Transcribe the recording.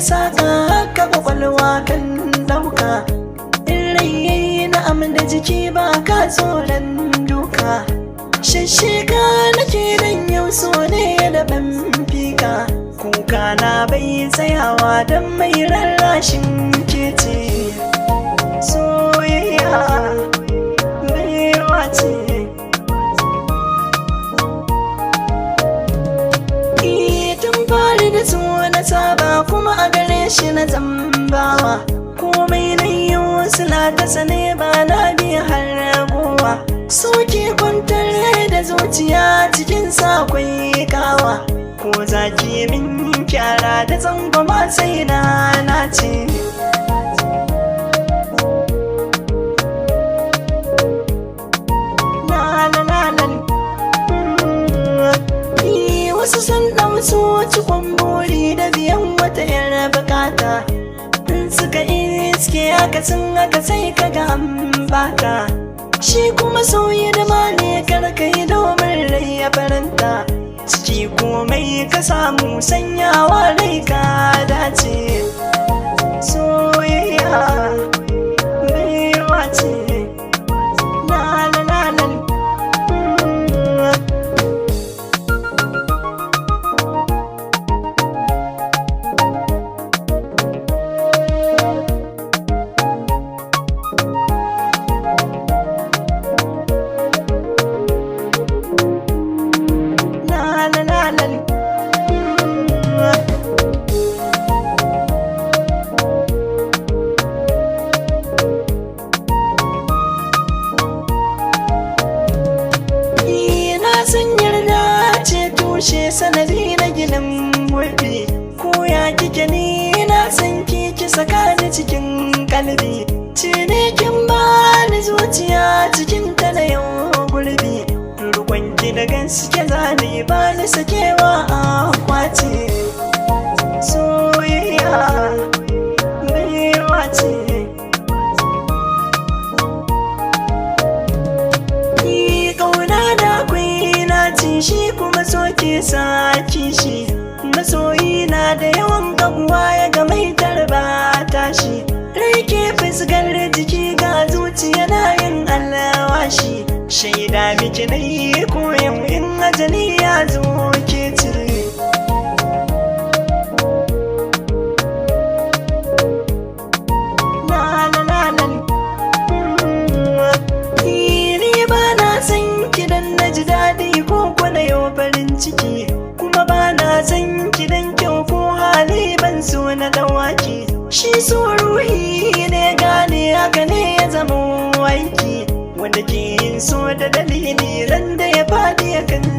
saka ka kwakwalwa kan dauka in rayayi na da jiki ba ka tsoron duka shishika nake dan yau so ne da ban fika kuka na bai tsayawa don mai rarrashin kece soyayya baiwa ce da shi na zambawa komai na yi wasu na ta sane ba na bi har soke kwantar da zuciya cikin sa kawa ko zaki min kyara da zamba ma sai na nace mm, wasu sun ɗau su ci kwambo da biyan wata yar bukata in suka iske haka sun haka sai ka ga ambata shi kuma sauyi da ma ne karkai domin rai ya faranta ciki komai ka samu sanyawa rai ka na san yarda ce tushe sanadi na ginin mulki ko ya kike ni na san kiki sakani cikin kalbi ce ne kin bani zuciya cikin tana. suke zane ba ni sakewa a kwace Soyayya baiwa ce Ni ƙauna da na ci shi kuma soke saki shi Masoyi na da yawan gabuwa ya ga mai tarba tashi Rai ke fisgar jiki ga zuciya na yin allawashi shaida miki na yi koyan Ajani ya zo ke cire mm-hmm. ciki kuma ba na san gidan kyau ko hali ban so na dawaki shi so ruhi ne gane haka ne ya zama aiki wanda ke yin so da dalili ran can